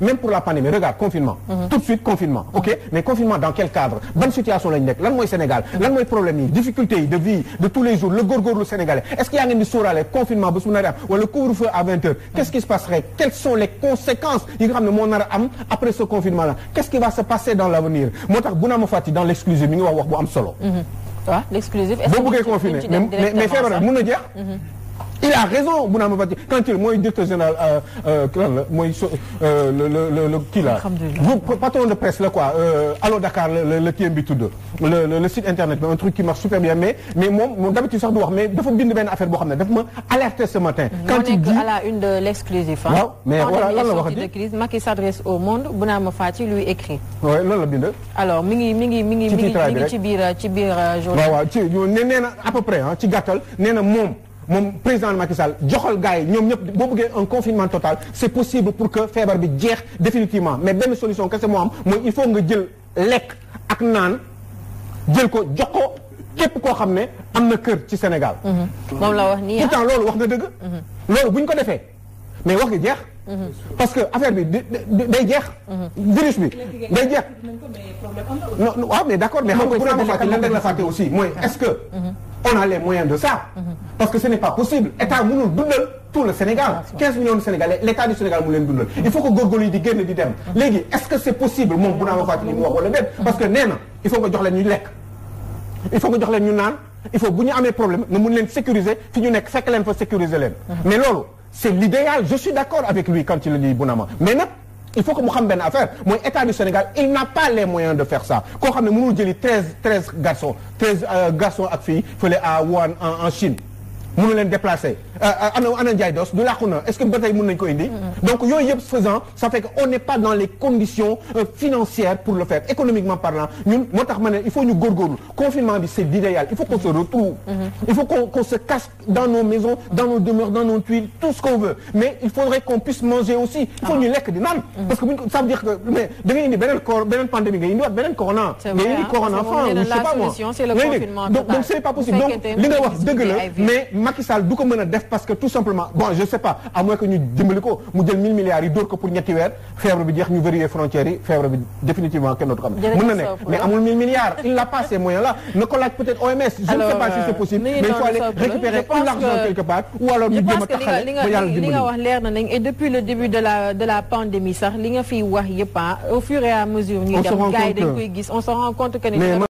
même pour la pandémie regarde confinement. Mhm. tout de suite confinement ok mhm. mais confinement dans quel cadre Bonne situation lañ nekk lan Sénégal mhm. lan problèmes, problème difficulté de vie de tous les jours le le sénégalais est ce qu'il y a une sóoraale confinement ba confinement, le couvre-feu à 20 h quest ce qui se passerait quelles sont les conséquences Il y mon après ce confinement là quest ce qui va se passer dans l'avenir dans l'exclusive mi wax solo. est mais il a raison Bounama Fati quand il dit... directeur général euh, euh, le le le qui patron de presse quoi euh, Dakar le le le site internet un truc qui marche super bien mais mais mon d'habitude sax du mais affaire ce matin. Mmh. quand il dit une de l'exclusif hein. mais voilà la de crise s'adresse au monde Bounama Fati lui écrit. oui là, alors Mingi, Mingi, Mingi, Mingi, à peu près tu, hein, ci Mingi, mon président Macky Sall un confinement total C'est possible pour que faire définitivement mais bonne solution quest il faut que jël l'ek ak nan jël ko jox ko Sénégal. Mhm. la ah. mhm. mais mhm. parce que affaire bi day guerres, virus non ah, mais d'accord. mais on peut aussi est ce que on a les moyens de ça. Mhm. Parce que ce n'est pas possible. L'État, mënul dundal tout le Sénégal. 15 millions de Sénégalais l'état du Sénégal nous mhm. il faut que góorgóorlu yi di génn di mhm. est-ce que c'est possible mon bon naa fàttali li parce que nee il faut que jox le ñu il faut que jox le ñu il faut bu ñu problème nous nous leen sécuriser fi ñu ça que leen fa sécuriser mais l'eau c'est l'idéal je suis d'accord avec lui quand il le dit Bounama mais non il faut que nous sachions une affaire. Mon l'État du Sénégal, il n'a pas les moyens de faire ça. Quand on a 13, 13 garçons, 13 euh, garçons et filles, il faut les avoir en Chine nous les déplacer Euh, euh ana et Dos de la est-ce que bataille monnaie mën dit indi. donc yooyu yëpp faisant ça fait qu'on n'est pas dans les conditions euh, financières pour le faire économiquement parlant nous, moi, mané, il faut ñu Le confinement bi c'est l'idéal il faut qu'on se retrouve mm-hmm. il faut qu'on se casse dans nos maisons dans nos demeures dans nos tuiles tout ce qu'on veut mais il faudrait qu'on puisse manger aussi il faut là que des naan mm. parce que ça veut dire que mais da ngay indi beneen corps beneen pandémie nga indiwaat beneen corona mais une hein, corona enfin, je sais pas moi donc donc c'est pas possible donc li nga wax mais Macky Sall du ko meuna def parce que tout simplement bon je sais pas à moins que ñu dimbali ko mu jël 1000 milliards yi dóor ko pour ñetti faire feebar bi jeex ñu vérifier frontières yi feebar bi définitivement kenn dootu ko am. na ne mais amul 1000 milliards il n'a pas ces moyens là ne ko laaj peut-être OMS. je ne sais pas si c'est euh, possible mais il faut aller récupérer l'argent quelque part. ou alors ñu jéem a taxale ba yàlla dimbali li nga wax leer nañ et depuis le début de la de la pandémie sax li nga fi wax pas. Ah, au fur et à mesure. ñu dem gars dañ on se rend compte que